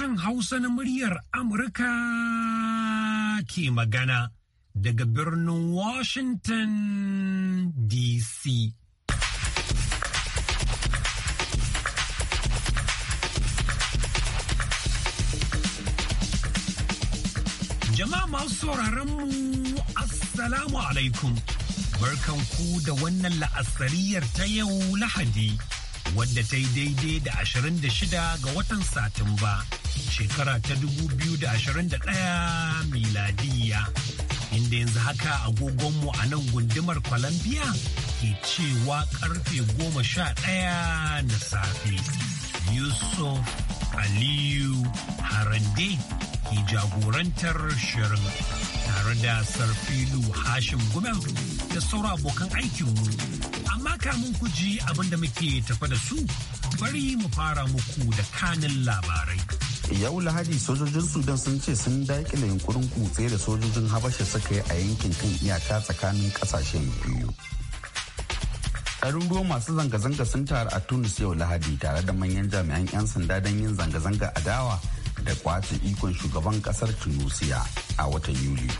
sashen Hausa na muryar Amurka ke magana daga birnin Washington DC. Jama'a masu sauraron mu Assalamu alaikum. Barkan ku da wannan la'asariyar ta yau Lahadi. wadda ta yi daidai da 26 ga watan Satumba shekara ta 2021 miladiya inda yanzu haka agogonmu a nan gundumar Columbia ke cewa karfe 11 na safe. Yusuf Aliyu Harande ke jagorantar shirin tare da Sarfilu Hashim Gumel da saura abokan aikinmu. Amma kamun ku ji abin muke tafa da su bari mu fara muku da kanin labarai. yau lahadi sojojin sudan sun ce sun daƙile yunkurin kutse da sojojin habasha suka yi a yankin kan iyaka tsakanin kasashen biyu ɗaruruwan masu zanga-zanga sun taru a tunis yau lahadi tare da manyan jami'an 'yan sanda don yin zanga-zanga a dawa da kwace ikon shugaban kasar tunisia a watan yuli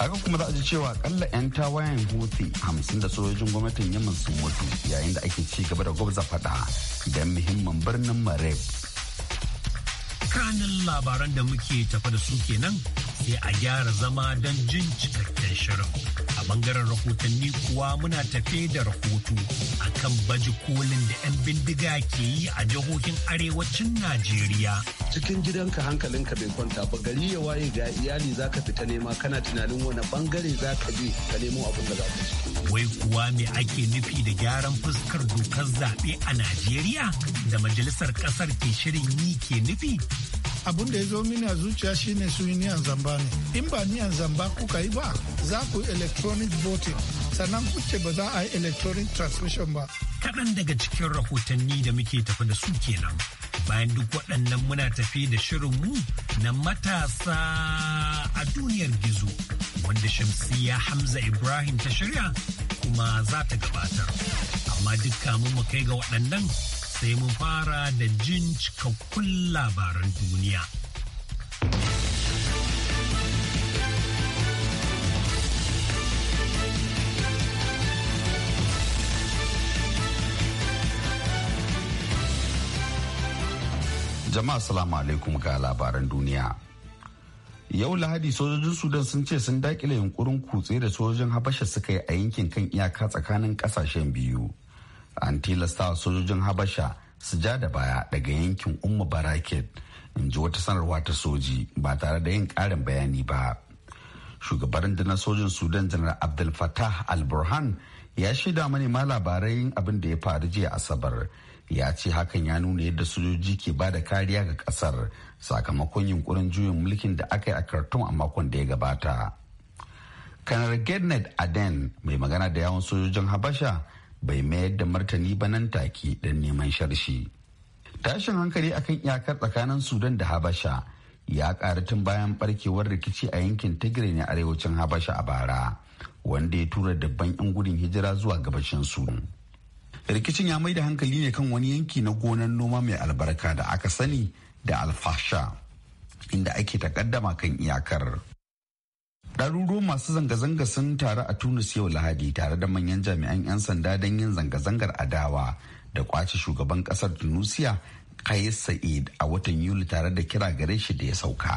haka kuma za a ji cewa kalla 'yan tawayen hutu hamsin da sojojin gwamnatin yamma sun mutu yayin da ake ci gaba da gwabza fada don muhimmin birnin mareb kanin labaran da muke tafa da su kenan sai a gyara zama don jin cikakken shirin. A bangaren rahotanni kuwa muna tafe da rahoto a kan baji kolin da 'yan bindiga ke yi a jihohin arewacin Najeriya. Cikin gidanka hankalinka bai kwanta ba gari ya waye ga iyali za ka fita nema kana tunanin wani bangare za ka je ka nemo abin da za ka Wai kuwa me ake nufi da gyaran fuskar dokar zaɓe a Najeriya da majalisar ƙasar ke shirin yi ke nufi? abun da ya zo mini a zuciya shine su yi niyan zamba ne in ba niyan zamba kuka yi ba za ku yi electronic voting sannan kuce ba za a yi electronic transmission ba kaɗan daga cikin rahotanni da muke tafi da su kenan bayan duk waɗannan muna tafi da shirin mu na matasa a duniyar gizo wanda shamsiya hamza ibrahim ta shirya kuma za ta gabatar amma duk kamun mu kai ga waɗannan sai mun fara da jin cikakkun labaran duniya. Jama'a salamu alaikum ga labaran duniya. Yau Lahadi sojojin Sudan sun ce sun dakile yunkurin kutse da sojojin Habasha suka yi a yankin kan iyaka tsakanin kasashen biyu. an tilasta sojojin habasha su ja da baya daga yankin umma baraket in ji wata sanarwa ta soji ba tare da yin karin bayani ba shugaban na sojin sudan janar abdul fattah al-burhan ya shaida manema labarai abin da ya faru jiya asabar ya ce hakan ya nuna yadda sojoji ke ba da kariya ga kasar sakamakon yunkurin juyin mulkin da aka yi a khartoum a makon da ya gabata kanar gednet aden mai magana da yawon sojojin habasha bai mayar da martani ba nan take don neman sharshi tashin hankali akan iyakar tsakanin sudan da habasha ya ƙara tun bayan barkewar rikici a yankin tigray na arewacin habasha a bara wanda ya tura dabban 'yan gudun hijira zuwa gabashin sudan rikicin ya mai da hankali ne kan wani yanki na gonar noma mai albarka da aka sani da alfasha inda ake takaddama kan iyakar ɗaruruwan masu zanga-zanga sun taru a tunis yau lahadi tare da manyan jami'an 'yan sanda don yin zanga-zangar adawa da kwace shugaban ƙasar tunisia Kayi sa'id a watan yuli tare da kira gare shi da ya sauka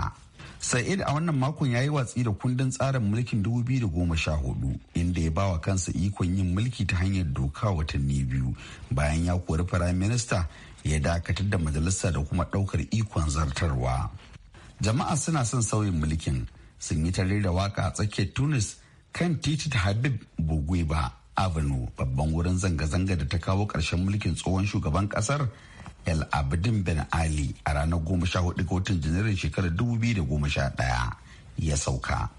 sa'id a wannan makon ya yi watsi da kundin tsarin mulkin 2014 inda ya bawa kansa ikon yin mulki ta hanyar doka watanni biyu bayan ya kori firayim minista ya dakatar da majalisa da kuma ɗaukar ikon zartarwa jama'a suna son sauyin mulkin sun yi tare da waka a tsakiyar tunis kan titi da habib ba avenue babban wurin zanga-zanga da ta kawo ƙarshen mulkin tsohon shugaban ƙasar el abdin ben ali a ranar 14 ga watan janairun shekarar 2011 ya sauka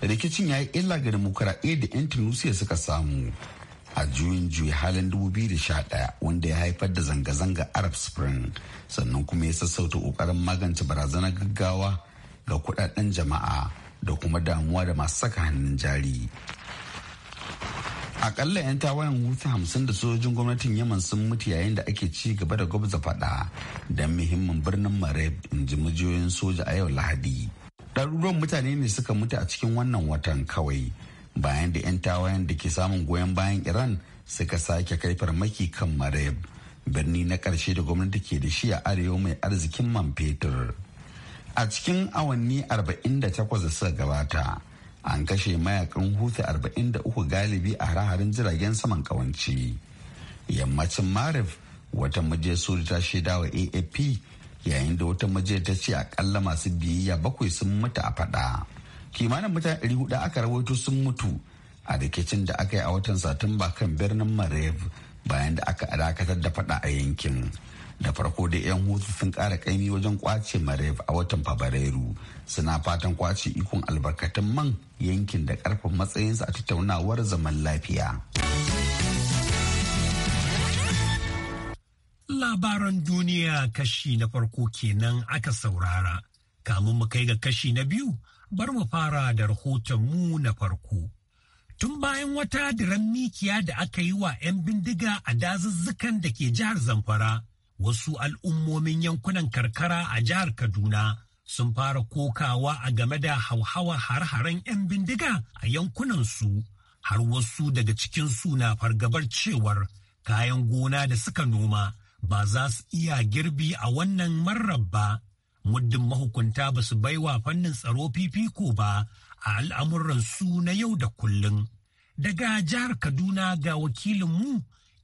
rikicin ya yi illa ga demokuraɗiyya da 'yan tunisia suka samu a juyin juyi halin 2011 wanda ya haifar da zanga-zanga arab spring sannan kuma ya sassauta ƙoƙarin magance barazanar gaggawa ga kudaden jama'a da kuma damuwa da masu saka hannun jari akalla 'yan tawayen wuta hamsin da sojojin gwamnatin yaman sun mutu yayin da ake ci gaba da gwabza fada don muhimmin birnin mareb in ji majiyoyin soja a yau lahadi ɗaruruwan mutane ne suka mutu a cikin wannan watan kawai bayan da 'yan tawayen da ke samun goyon bayan iran suka sake kai farmaki kan mareb birni na ƙarshe da gwamnati ke da shi a arewa mai arzikin man fetur. a cikin awanni 48 da suka gabata an kashe mayakan hutu 43 galibi a hare jiragen saman kawanci yammacin marif wata maje suri ta shaida wa aap yayin da wata maje ta ce akalla masu biyayya bakwai sun mutu a fada kimanin mutane 400 aka rawaito sun mutu a rikicin da aka yi a watan satumba kan birnin marif bayan da aka dakatar da fada a yankin da farko da 'yan hutu sun ƙara kaimi wajen kwace marev a watan fabrairu suna fatan kwace ikon albarkatun man yankin da karfin matsayinsa a tattaunawar zaman lafiya labaran duniya kashi na farko kenan aka saurara kamun mu kai ga kashi na biyu bar mu fara da rahoton mu na farko tun bayan wata diran mikiya da aka yi wa 'yan bindiga a dazuzzukan da ke jihar zamfara wasu al'ummomin yankunan karkara a jihar Kaduna sun fara kokawa a game da hauhawa har-haren 'yan bindiga a yankunansu har wasu daga cikinsu na fargabar cewar kayan gona da suka noma ba za su iya girbi a wannan marrabba. muddin mahukunta ba su baiwa fannin tsaro fifiko ba a al'amuransu na yau da kullum. Daga jihar Kaduna ga wakilinmu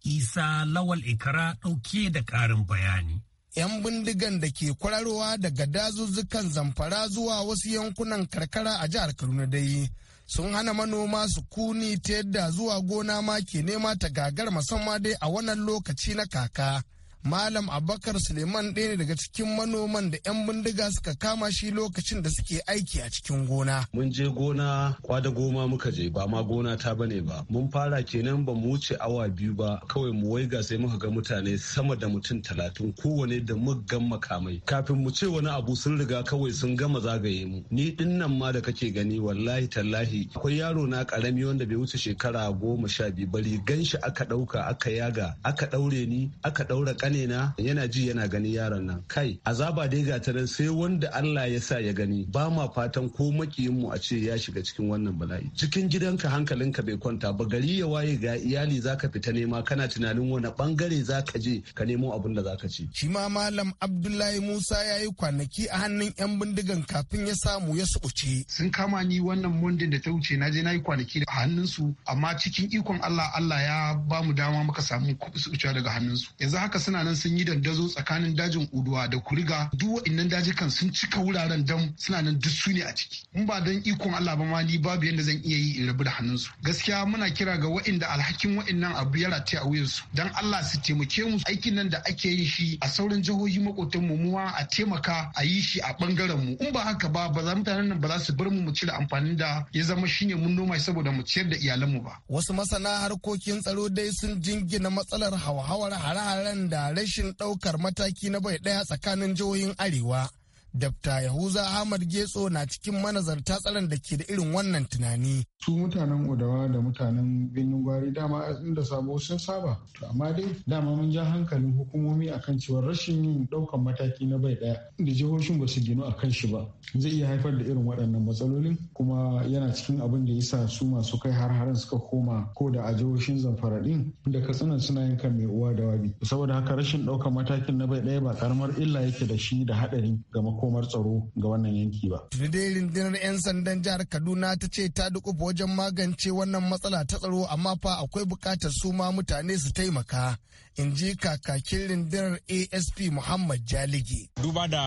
Isa Lawal ikara ɗauke da ƙarin bayani. 'yan bindigan da ke kwararowa daga dazuzzukan zamfara zuwa wasu yankunan karkara a jihar kaduna dai sun hana manoma su kuni ta yadda zuwa gona ma ke nema ta gagar musamman dai a wannan lokaci na kaka Malam Abakar Suleiman ɗaya ne daga cikin manoman da 'yan bindiga suka kama shi lokacin da suke aiki a cikin gona. Mun je gona kwada goma muka je ba ma gona ta bane ba. Mun fara kenan ba mu wuce awa biyu ba kawai mu waiga sai muka ga mutane sama da mutum talatin kowane da gan makamai. Kafin mu ce wani abu sun riga kawai sun gama zagaye mu. Ni din nan ma da kake gani wallahi tallahi akwai yaro na karami wanda bai wuce shekara goma sha biyu bari ganshi aka ɗauka aka yaga aka ɗaure ni aka ɗaura ne na yana ji yana gani yaron nan kai azaba dai ga gata nan sai wanda Allah ya sa ya gani ba ma fatan ko makiyin mu a ce ya shiga cikin wannan bala'i cikin gidanka hankalinka bai kwanta ba gari ya waye ga iyali zaka fita nema kana tunanin wani bangare zaka je ka nemo abin da zaka ci shi ma malam Abdullahi Musa ya yi kwanaki a hannun yan bindigan kafin ya samu ya suɓuce sun kama ni wannan mundin da ta wuce na je na yi kwanaki a hannun su amma cikin ikon Allah Allah ya ba mu dama muka samu suɓucewa daga hannun su yanzu haka suna mutanen sun yi dandazo tsakanin dajin uduwa da kuriga duk wa'annan dajikan sun cika wuraren dam suna nan duk su ne a ciki in ba dan ikon Allah ba ma ni babu yadda zan iya yi in rabu da su gaskiya muna kira ga wa'anda alhakin wa'annan abu ya rataya a su dan Allah su taimake mu aikin nan da ake yin shi a sauran jihohi makotan mu muwa a taimaka a yi shi a bangaren mu in ba haka ba ba za mutanen nan ba za su bar mu mu cire amfanin da ya zama shine mun noma saboda mu ciyar da iyalan mu ba wasu masana harkokin tsaro dai sun jingina matsalar hauhawar hare-haren da rashin ɗaukar mataki na bai ɗaya tsakanin jihohin Arewa Dr. Yahuza Ahmad Getso na cikin manazarta tsaron da ke da irin wannan tunani. Su mutanen Odawa da mutanen Birnin Gwari dama inda sabo sun saba. To amma dai dama mun ja hankalin hukumomi akan cewa rashin yin daukan mataki na bai daya da jihohin ba su ginu a kan shi ba. Zai iya haifar da irin waɗannan matsalolin kuma yana cikin abin da ya sa su masu kai har harin suka koma ko da a jihohin zamfara ɗin da katsina suna yin kan mai uwa da wabi. Saboda haka rashin daukan matakin na bai daya ba karamar illa yake da shi da haɗari ga makomar tsaro ga wannan yanki ba. Dai rundunar 'yan sandan jihar Kaduna ta ce ta dukufa wajen magance wannan matsala ta tsaro amma fa akwai bukatar su ma mutane su taimaka in ji kakakin rundunar asp muhammad jalige duba da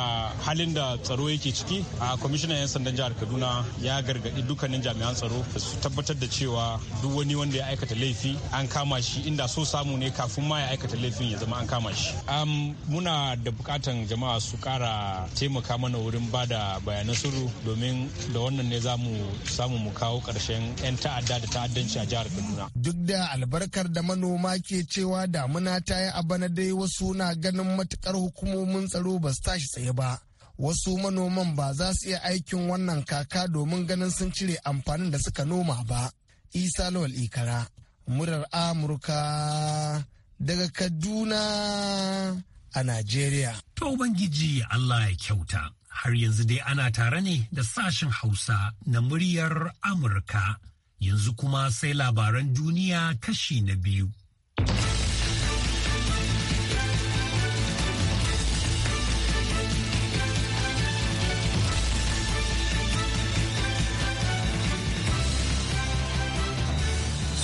halin da tsaro yake ciki a kwamishinan 'yan sandan jihar kaduna ya gargaɗi dukkanin jami'an tsaro su tabbatar da cewa duk wani wanda ya aikata laifi an kama shi inda so samu ne kafin ma ya aikata laifin ya zama an kama shi muna da bukatan jama'a su kara taimaka mana wurin ba da bayanan sirru domin da wannan ne za mu samu mu kawo karshen 'yan ta'adda da ta'addanci a jihar kaduna duk da albarkar da manoma ke cewa damuna ta yi a bana dai wasu na ganin matukar hukumomin tsaro ba su tashi tsaye ba wasu manoman ba za su iya aikin wannan kaka domin ganin sun cire amfanin da suka noma ba isa lawal ikara murar amurka daga kaduna a najeriya to ubangiji allah ya kyauta har yanzu dai ana tare ne da sashen hausa na muryar amurka yanzu kuma sai labaran duniya kashi na biyu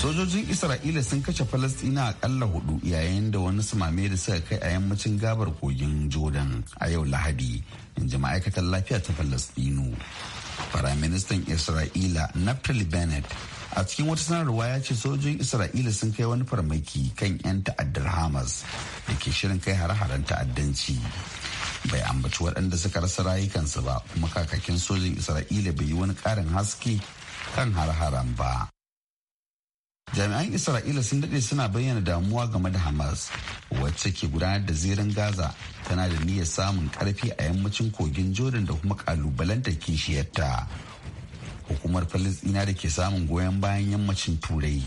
sojojin isra'ila sun kashe falastina akalla hudu yayin da wani sumame da suka kai a yammacin gabar kogin jordan a yau lahadi in ji ma'aikatar lafiya ta falastinu firaministan isra'ila naftali bennett a cikin wata sanarwa ya ce sojojin isra'ila sun kai wani farmaki kan 'yan ta'addar hamas da ke shirin kai har haren ta'addanci bai ambaci waɗanda suka rasa rayukansu ba kuma kakakin sojin isra'ila bai yi wani ƙarin haske kan har-haren ba jami'an isra'ila sun daɗe suna bayyana damuwa game da hamas wacce ke gudanar da zirin gaza tana da niyyar samun karfi a yammacin kogin jordan da kuma kalubalanta kishiyarta hukumar falistina da ke samun goyon bayan yammacin turai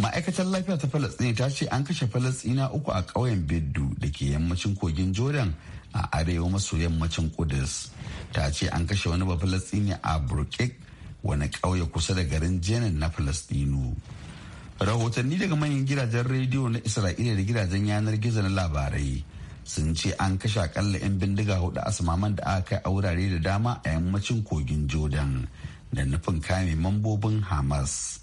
ma'aikatar lafiya ta falastina ta ce an kashe falastina uku a ƙauyen beddu da ke yammacin kogin jordan a arewa maso yammacin kudus ta ce an kashe wani ba falastini a burkik wani ƙauye kusa da garin jenin na Falasɗinu. Rahotanni daga manyan gidajen rediyo na Isra'ila da gidajen yanar gizo na labarai sun ce an kashe akalla 'yan bindiga hudu asmaman da aka kai a wurare da dama a yammacin kogin Jordan da nufin kame mambobin Hamas.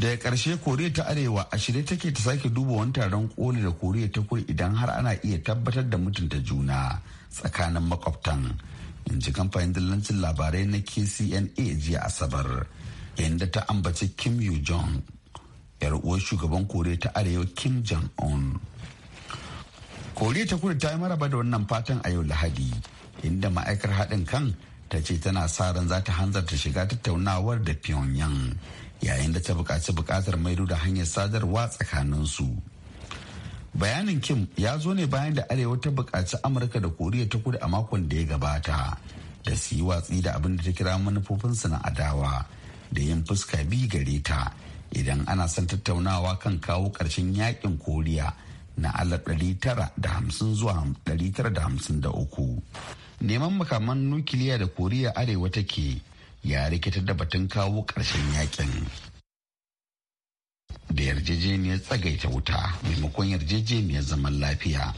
daga ƙarshe koriya ta arewa a shirye take ta sake duba wani taron koli da koriya ta kudu idan har ana iya tabbatar da mutunta juna tsakanin makwabtan in ji kamfanin dillancin labarai na kcna jiya asabar inda ta ambaci kim yu jong yar uwar shugaban koriya ta arewa kim jong un koriya ta kudu ta yi maraba da wannan fatan a yau lahadi inda ma'aikar haɗin kan ta ce tana sa ran za ta hanzarta shiga tattaunawar da pyongyang yayin da ta buƙaci buƙatar maido da hanyar sadarwa tsakanin su bayanin kim ya zo ne bayan da arewa ta bukaci amurka da koriya ta kudu a makon da ya gabata da su yi watsi da abin da ta kira manufofinsu na adawa da yin fuska biyu gare ta idan ana son tattaunawa kan kawo karshen yakin koriya na da hamsin zuwa uku. neman makaman nukiliya da koriya arewa take ya rikita da batun kawo karshen yakin da yarjejeniyar tsagaita wuta maimakon yarjejeniyar zaman lafiya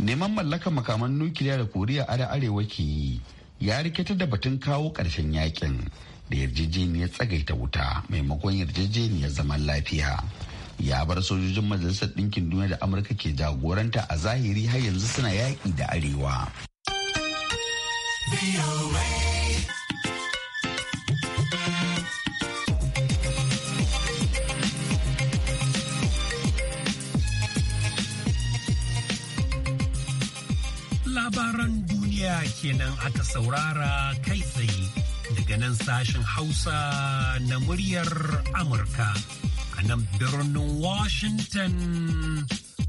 neman mallaka makaman nukiliya da koriya a arewa ke yi ya rikitar da batun kawo ƙarshen yakin da yarjejeniyar tsagaita wuta maimakon yarjejeniyar zaman lafiya ya bar sojojin majalisar ɗinkin duniya da amurka ke jagoranta a zahiri har yanzu suna yaƙi da arewa. kenan aka saurara kai tsaye daga nan sashen Hausa na muryar Amurka a nan birnin Washington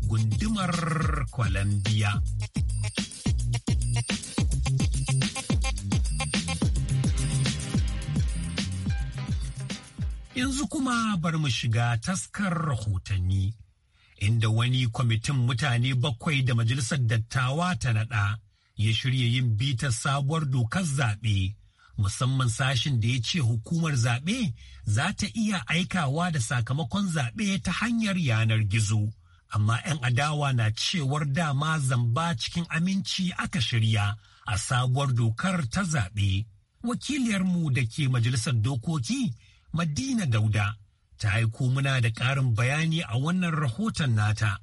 gundumar Columbia. Yanzu kuma bar mu shiga taskar rahotanni, inda wani kwamitin mutane bakwai da Majalisar Dattawa ta naɗa. ya shirya yin bitar sabuwar dokar zaɓe musamman sashin da ya ce hukumar zaɓe za ta iya aikawa da sakamakon zaɓe ta hanyar yanar gizo amma 'yan adawa na cewar dama zamba cikin aminci aka shirya a sabuwar dokar ta zaɓe Wakiliyar mu da ke majalisar dokoki madina dauda ta aiko muna da ƙarin bayani a wannan rahoton nata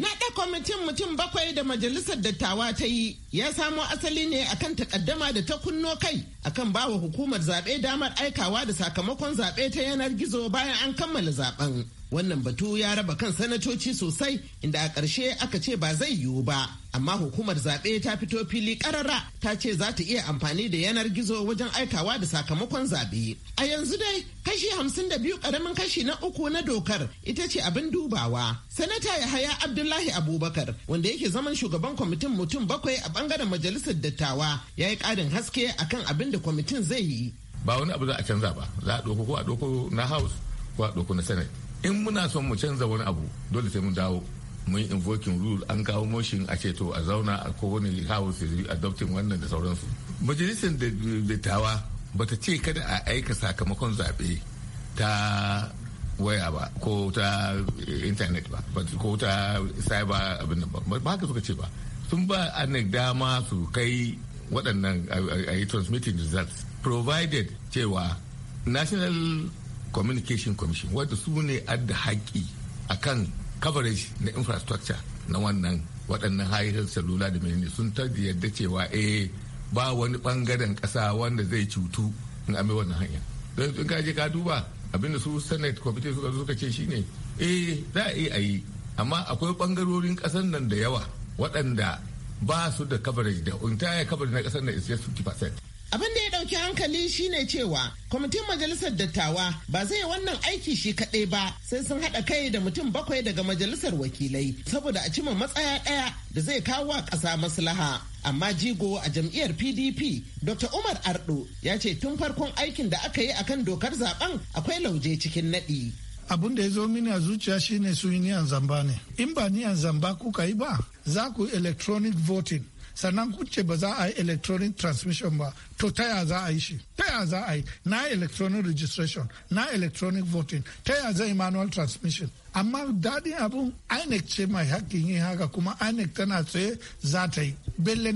Naɗa kwamitin mutum bakwai da majalisar dattawa ta yi ya samo asali ne akan takaddama da ta kunno kai akan bawa hukumar zaɓe damar aikawa da sakamakon zaɓe ta yanar gizo bayan an kammala zaɓen. wannan batu ya raba kan sanatoci sosai inda a ƙarshe aka ce ba zai yiwu ba amma hukumar zaɓe ta fito fili ƙarara ta ce za ta iya amfani da yanar gizo wajen aikawa da sakamakon zaɓe a yanzu dai kashi hamsin da biyu ƙaramin kashi na uku na dokar ita ce abin dubawa sanata ya haya abdullahi abubakar wanda yake zaman shugaban kwamitin mutum bakwai a bangaren majalisar dattawa ya yi ƙarin haske akan abin da kwamitin zai yi ba wani abu za a canza ba za a ɗauko ko a ɗauko na house ko a ɗauko na senate in muna son mu canza wani abu dole sai mun dawo mun invoking rule an kawo motion a ce to a zauna a kowane house ya adopting wannan da sauransu majalisar dattawa ta ce kada a aika sakamakon zaɓe ta waya ba ko ta intanet ba ko ta cyber abin ba ba haka suka ce ba sun ba anec dama su kai waɗannan a yi transmitting results provided cewa national communication commission wadda su ne adda a kan coverage na infrastructure na wannan waɗannan hayatar salula da menene sun tarbi yadda cewa eh ba wani ɓangaren ƙasa wanda zai cutu in ame wannan hanya don in ka je ka duba abinda su senate committee suka suka ce shine eh za a iya yi amma akwai ɓangarorin ƙasar nan da yawa waɗanda ba su da coverage da entire coverage na ƙasar nan is just 50 Abin da ya ɗauki hankali shine cewa kwamitin majalisar dattawa ba zai wannan aiki shi kaɗai ba sai sun haɗa kai da mutum bakwai daga majalisar wakilai saboda a cima matsaya ɗaya da zai kawo wa ƙasa maslaha. Amma jigo a jam'iyyar PDP Dr. Umar Ardo ya ce tun farkon aikin da aka yi akan dokar zaben akwai lauje cikin naɗi. Abin da ya zo mini a zuciya shine su yi niyan zamba ne. In ba niyan zamba kuka yi ba za ku electronic voting sannan kuce ba za a yi electronic transmission ba to taya za a yi shi taya za a yi na electronic registration na electronic voting taya zai manual transmission amma daɗi abun inec ce mai hakkin yin haka kuma inec tana tsaye za ta yi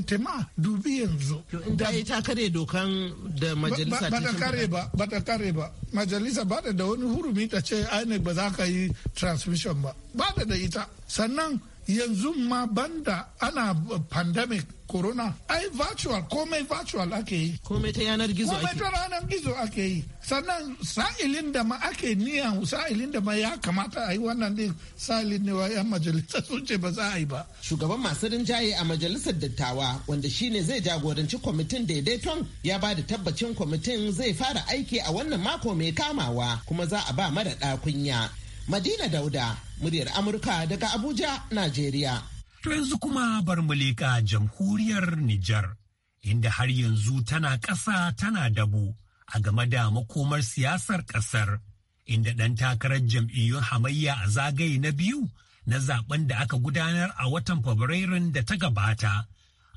tema dubi yanzu da ta kare dokan da majalisa ba ta kare ba ba ta kare ba majalisa ba da wani hurumi ta ce inec ba za ka yi transmission ba ba da ita sannan yanzu ma banda ana pandemic corona ai virtual komai virtual ake yi komai ta yanar gizo komai ta yanar gizo ake yi sannan sa'ilin da ma ake niya sa'ilin da ma ya kamata a yi wannan din sa'ilin ne wa yan majalisa sun ce ba za a yi ba shugaban masu rinjaye a majalisar dattawa wanda shine zai jagoranci kwamitin daidaiton ya ba da tabbacin kwamitin zai fara aiki a wannan mako mai kamawa kuma za a ba mara kunya Madina Dauda, muryar Amurka daga Abuja, Najeriya. To yanzu kuma bar mu leƙa jamhuriyar Nijar, inda har yanzu tana ƙasa tana dabu a game da makomar siyasar ƙasar, inda ɗan takarar jam'iyyun hamayya a zagaye na biyu na zaben da aka gudanar a watan Fabrairun da ta gabata,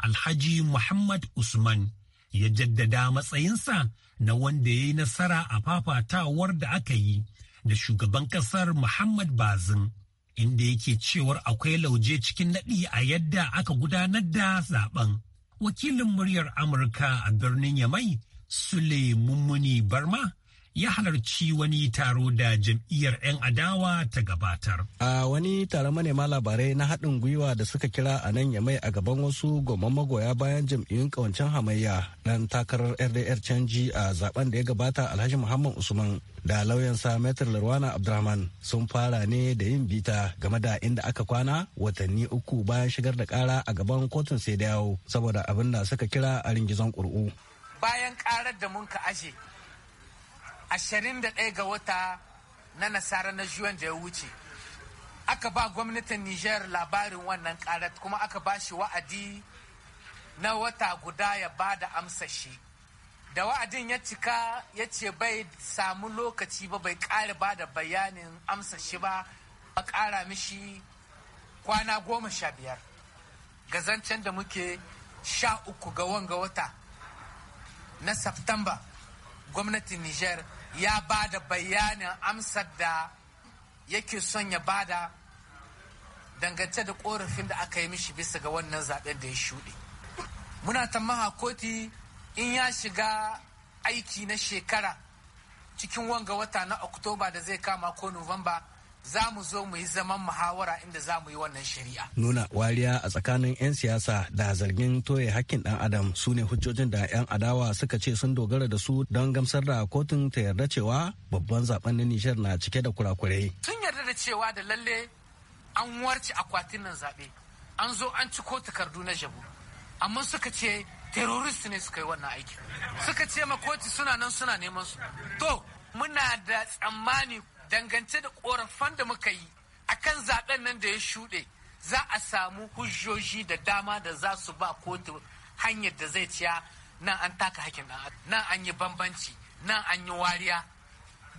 Alhaji Muhammad Usman ya jaddada matsayinsa na wanda ya yi nasara a fafatawar da aka yi. da shugaban kasar Muhammad Bazin inda yake cewar akwai lauje cikin naɗi a yadda aka gudanar da zaben. Wakilin muryar Amurka a birnin Yamai, Sule Mummuni Barma, ya halarci wani taro da jam'iyyar 'yan adawa ta gabatar. A wani taron manema labarai na haɗin gwiwa da suka kira a nan yamai a gaban wasu goman magoya bayan jam'iyyun ƙawancen hamayya ɗan takarar RDR canji a zaben da ya gabata Alhaji Muhammad Usman da lauyansa Metir Larwana Abdurrahman sun fara ne da yin bita game da inda aka kwana watanni uku bayan shigar da kara a gaban kotun sai yawo saboda abin da suka kira a ringizon ƙuri'u. Bayan karar da mun ka ashe ashirin da 21 ga wata na nasara na juwan da ya wuce aka ba gwamnatin niger labarin wannan karat kuma aka ba shi wa'adi na wata guda ya ba da amsa shi da wa'adin ya cika ya ce bai samu lokaci ba bai ƙara ba da bayanin amsa shi ba a kara mishi kwana goma sha biyar gazancen da muke sha uku ga wanga wata na september gwamnatin Nijar ya ba da bayanin amsar da yake son ya ba da dangance da korafin da aka yi mishi bisa ga wannan zaben da ya shuɗe muna tamaha koti in ya shiga aiki na shekara cikin wanga wata na oktoba da zai kama ko nuwamba za mu zo mu yi zaman muhawara inda za mu yi wannan shari'a. Nuna wariya a tsakanin 'yan siyasa da zargin toye hakkin ɗan adam su ne hujjojin da 'yan adawa suka ce sun dogara da su don gamsar da kotun ta yarda cewa babban zaben na Nijar na cike da kurakurai. Sun yarda da cewa da lalle an warce akwatin nan zaɓe an zo an ci ko takardu na jabu amma suka ce terrorist ne suka yi wannan aiki suka ce ma koti suna nan suna neman su to muna da tsammani dangance da korafan da muka yi a kan zaɓen nan da ya shuɗe za a samu hujjoji da dama da za su ba kotu hanyar da zai ciya nan an taka hakin nan an yi bambanci nan an yi wariya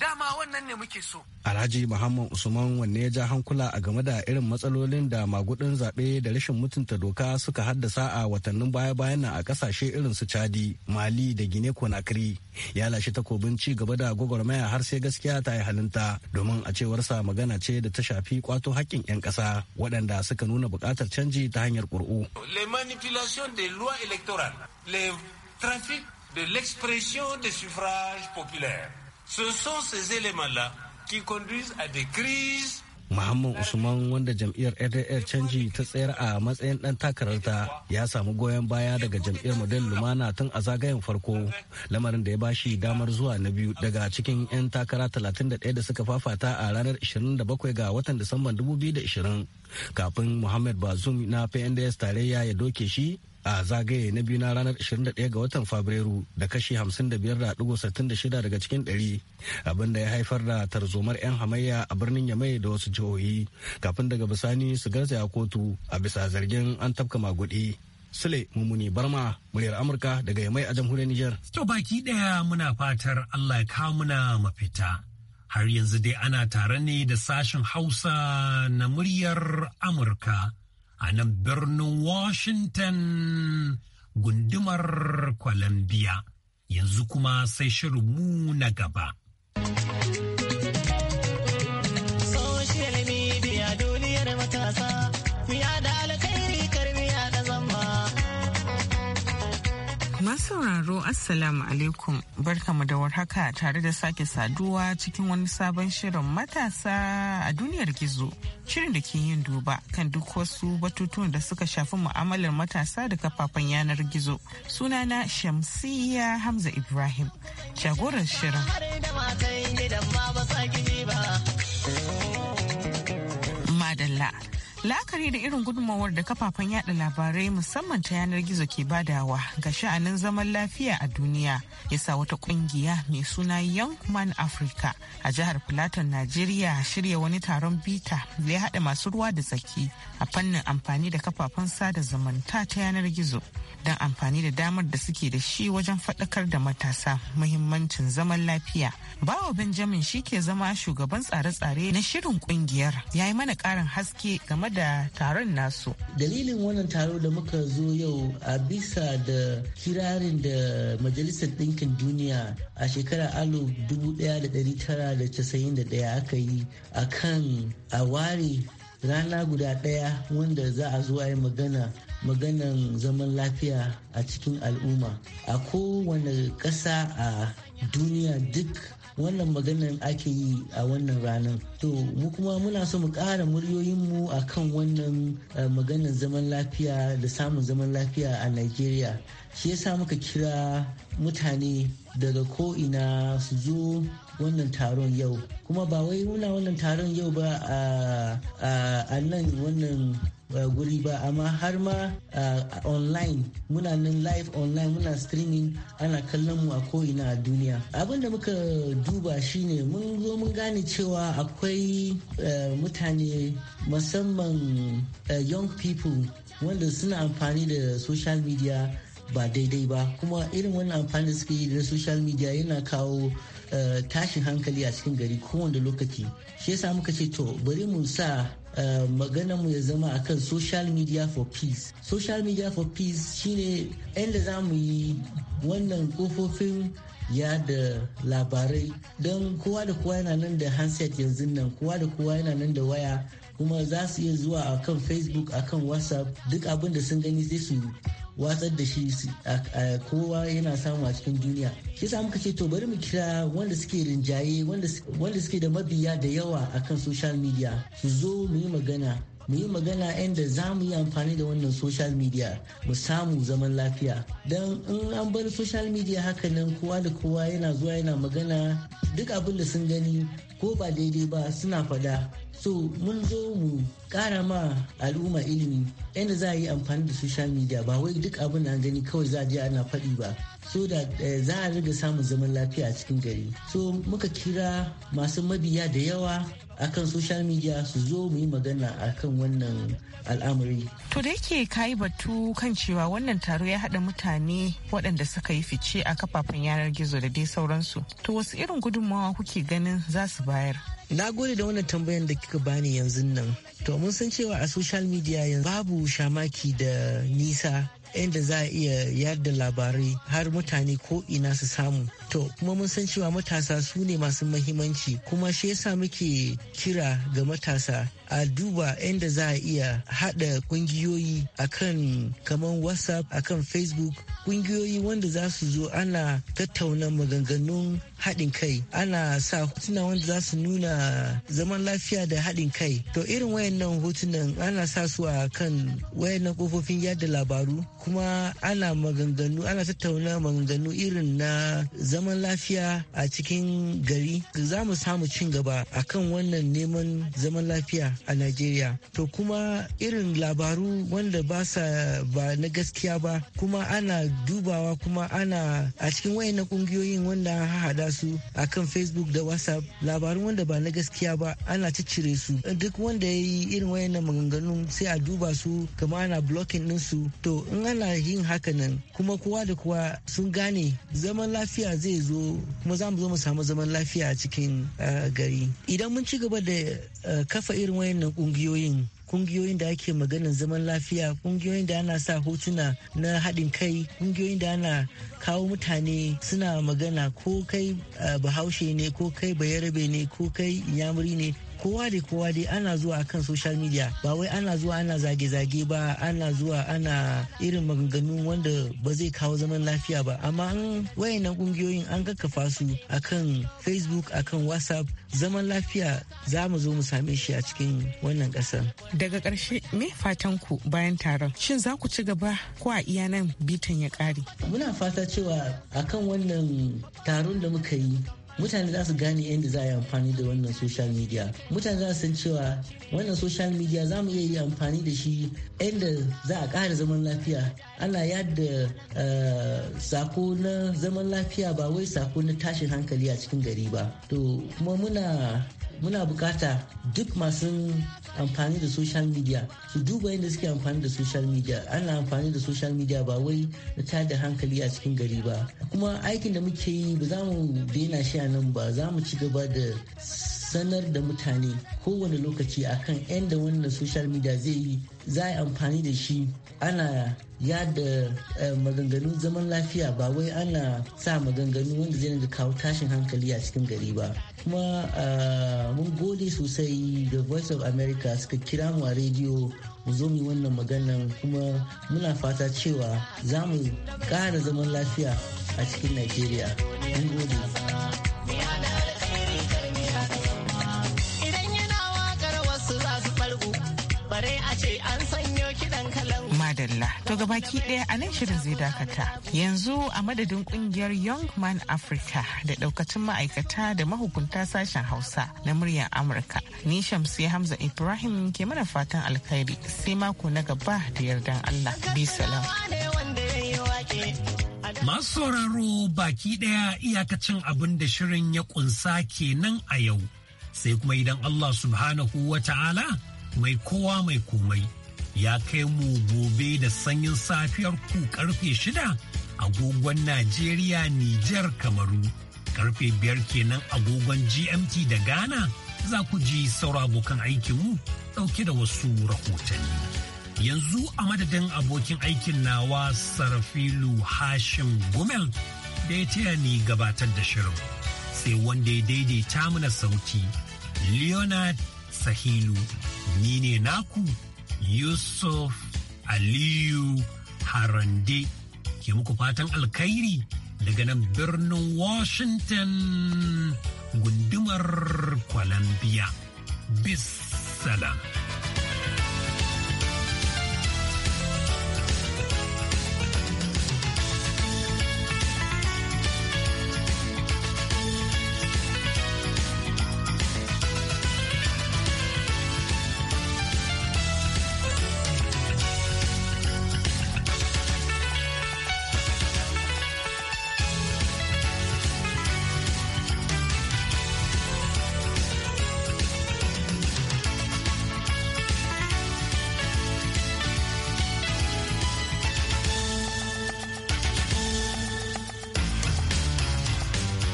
dama wannan ne muke so. Alhaji Muhammad Usman wanne ya ja hankula a game da irin matsalolin da magudin zaɓe da rashin mutunta doka suka haddasa a watannin baya-bayan nan a ƙasashe irin su Chadi, Mali da Gine Conakry. Ya lashe takobin ci gaba da gwagwarmaya har sai gaskiya ta yi halinta domin a cewarsa magana ce da ta shafi kwato haƙƙin 'yan ƙasa waɗanda suka nuna buƙatar canji ta hanyar ƙuri'u. Le manipulation des lois électorales, le trafic de l'expression de suffrages populaires. Ce sont ces éléments-là qui conduisent à des crises Muhammad Usman wanda jam'iyyar RDR canji ta tsayar a matsayin dan takararta ya samu goyon baya daga jam'iyyar model lumana tun a zagayen farko lamarin da ya bashi damar zuwa na biyu daga cikin 'yan takara 31 da suka fafata a ranar 27 ga watan Disamban 2020 kafin Muhammad Bazoum na PNDS tarayya ya doke shi a zagaye na biyu na ranar 21 ga watan fabrairu da kashi 55.66 daga cikin 100 abinda ya haifar da tarzomar 'yan hamayya a birnin yamai da wasu jihohi kafin daga bisani su garzaya kotu a bisa zargin an tafka magudi sule mummuni barma muryar amurka daga yamai a jamhuriyar nijar to baki daya muna fatar allah ya kawo muna mafita har yanzu dai ana tare ne da sashen hausa na muryar amurka a nan birnin Washington gundumar Columbia. Yanzu kuma sai shirinmu na gaba. Social media Assalamu alaikum barkamu da warhaka tare da sake saduwa cikin wani sabon shirin matasa a duniyar gizo. shirin da ke yin duba kan duk wasu batutuwan da suka shafi mu'amalar matasa da kafafen yanar gizo sunana shamsiya hamza ibrahim jagoran shirin madalla la'akari da irin gudunmawar da kafafen yada labarai musamman ta yanar gizo ke badawa ga sha'anin zaman lafiya a duniya ya sa wata kungiya mai suna young man africa a jihar platon najeriya shirya wani taron bita da ya haɗa masu ruwa da tsaki a fannin amfani da kafafen sada zumunta ta yanar gizo don amfani da damar da suke da shi wajen faɗakar da matasa muhimmancin zaman lafiya. Bawa Benjamin shi ke zama shugaban tsare-tsare na shirin kungiyar ya yi mana ƙarin haske game da taron nasu. Dalilin wannan taro da muka zo yau a bisa da kirarin da Majalisar Ɗinkin Duniya a shekarar 1991 aka yi a kan a ware rana guda ɗaya wanda za a zuwa yi magana maganan zaman lafiya a cikin al'umma a kowane ƙasa a duniya duk wannan maganan ake yi a wannan ranar to mu kuma muna so mu ƙara muryoyinmu a kan wannan eh, maganan zaman lafiya da samun zaman lafiya a nigeria shi yasa muka kira mutane daga ko'ina su zo wannan taron yau kuma ba wai muna wannan taron yau ba a nan wannan guri ba amma har ma online muna nan live online muna streaming ana kallon mu a ko'ina a duniya abin da muka duba shine mun zo mun gane cewa akwai mutane musamman young people wanda suna amfani da social media ba daidai ba kuma irin wannan amfani da suke yi da social media yana kawo tashin hankali a cikin gari kowane lokaci shi yasa muka ce to bari mu sa Eh, magana mu ya zama akan social media for peace social media for peace shine yadda za mu yi wannan kofofin ya da labarai don kowa da kowa yana nan da handset yanzu nan kowa da kowa yana nan da waya kuma za su iya zuwa a kan facebook akan whatsapp duk abin da sun gani sai su watsar da shi kowa yana samu a cikin duniya shi sa muka ce to bari mu kira wanda suke rinjaye wanda suke da mabiya da yawa akan social media su zo mu yi magana mu yi magana inda za mu yi amfani da wannan social media mu samu zaman lafiya don in an bar social media haka nan kowa da kowa yana zuwa yana magana duk abin da sun gani ko ba daidai ba suna fada so mun zo mu kara ma al'umma ilimi yadda za a yi amfani da social media ba wai duk abin da an gani kawai za a je ana faɗi ba so da eh, za a riga samun zaman lafiya a cikin gari so muka kira masu mabiya da yawa akan social media su zo mu yi magana akan wannan al'amari. To da yake kayi batu kan cewa wannan taro ya haɗa mutane waɗanda suka yi fice a kafafen yanar gizo da dai sauransu. To wasu irin gudunmawa kuke ganin za su bayar? Na gode da wannan tambayan da kika bani yanzu nan. To mun san cewa a social media yanzu babu shamaki da nisa inda za a iya yarda labarai har mutane ko ina su samu to kuma mun san cewa matasa su ne masu mahimmanci kuma shi yasa muke kira ga matasa a duba yadda za a iya hada kungiyoyi akan kamar whatsapp akan facebook kungiyoyi wanda za su zo ana tattauna maganganun haɗin kai ana sa hotuna wanda za su nuna zaman lafiya da haɗin kai to irin wayannan hotunan ana sa su a kan wayannan kofofin yada labaru kuma ana maganganu ana tattauna maganganu irin na zaman lafiya a cikin gari za mu samu cin gaba a kan wannan neman zaman lafiya a Najeriya. To kuma irin labaru wanda ba sa ba na gaskiya ba kuma ana dubawa kuma ana a cikin wayan kungiyoyin wanda hada su a kan Facebook da WhatsApp labarun wanda ba na gaskiya ba ana ciccire su duk wanda ya yi irin wayan maganganun sai a duba su kamar ana blocking su to in ana yin haka nan kuma kowa da kowa sun gane zaman lafiya zai zo kuma za mu zo mu samu zaman lafiya a cikin gari idan mun ci gaba da kafa irin wayannan kungiyoyin kungiyoyin da ake maganin zaman lafiya kungiyoyin da ana sa hotuna na haɗin kai kungiyoyin da ana kawo mutane suna magana ko kai bahaushe ne ko kai bayarabe ne ko kai yamuri ne kowa da kowa dai ana zuwa akan social media ba wai ana zuwa ana zage-zage ba ana zuwa ana irin maganganu wanda ba zai kawo zaman lafiya ba amma an na kungiyoyin an kakkafa su akan facebook akan whatsapp zaman lafiya za mu zo mu same shi a cikin wannan ƙasar. daga ƙarshe me fatan ku bayan taron shin za ku ci gaba ko a iya nan bitan ya ƙare muna fata cewa akan wannan taron da muka yi mutane za su gane yadda za a yi amfani da wannan social media mutane za su san cewa wannan social media za mu iya yi amfani da shi yadda za a ƙara zaman lafiya ana yadda eh, sako na zaman lafiya ba wai sako na tashin hankali a cikin gari ba to kuma muna muna bukata duk masu amfani da social media su duba yadda suke amfani da social media ana amfani da social media ba wai na tada hankali a cikin gari ba kuma aikin da muke yi ba za mu daina shi a nan ba za mu ci gaba da sanar da mutane kowane lokaci akan yadda wannan social media zai yi za a amfani da shi ana yada eh, maganganun zaman lafiya ba wai ana sa maganganu wanda zai dinga kawo tashin hankali a cikin gari ba kuma ah, mun gode sosai da voice of america suka kira mu a rediyo mu zo mu wannan maganan kuma muna fata cewa za mu ƙara zaman lafiya a cikin nigeria mun gode Madalla. To gabaki ɗaya a nan shirin zai dakata. Yanzu a madadin kungiyar Young Man Africa da ɗaukacin ma'aikata da mahukunta sashen Hausa na muryar Amurka. Ni Shamsu Hamza Ibrahim ke mana fatan alkhairi sai mako na gaba da yardan Allah. Bi salam. Masu sauraro baki ɗaya iyakacin abin da shirin ya kunsa kenan a yau. Sai kuma idan Allah subhanahu wa ta'ala mai kowa mai komai. ya kai mu gobe da sanyin safiyar ku karfe shida agogon Najeriya Nijar Kamaru karfe biyar kenan agogon GMT da Ghana za ku ji saura abokan aikinmu ɗauke da wasu rahotanni. Yanzu a madadin abokin aikin nawa Sarafilu Hashim Gumel da ya taya ni gabatar da shirin sai wanda ya daidaita mana sauti Leonard Sahilu ni ne naku Yusuf Aliyu Harande ke muku fatan alkhairi daga nan birnin Washington gundumar Columbia. Bis salam.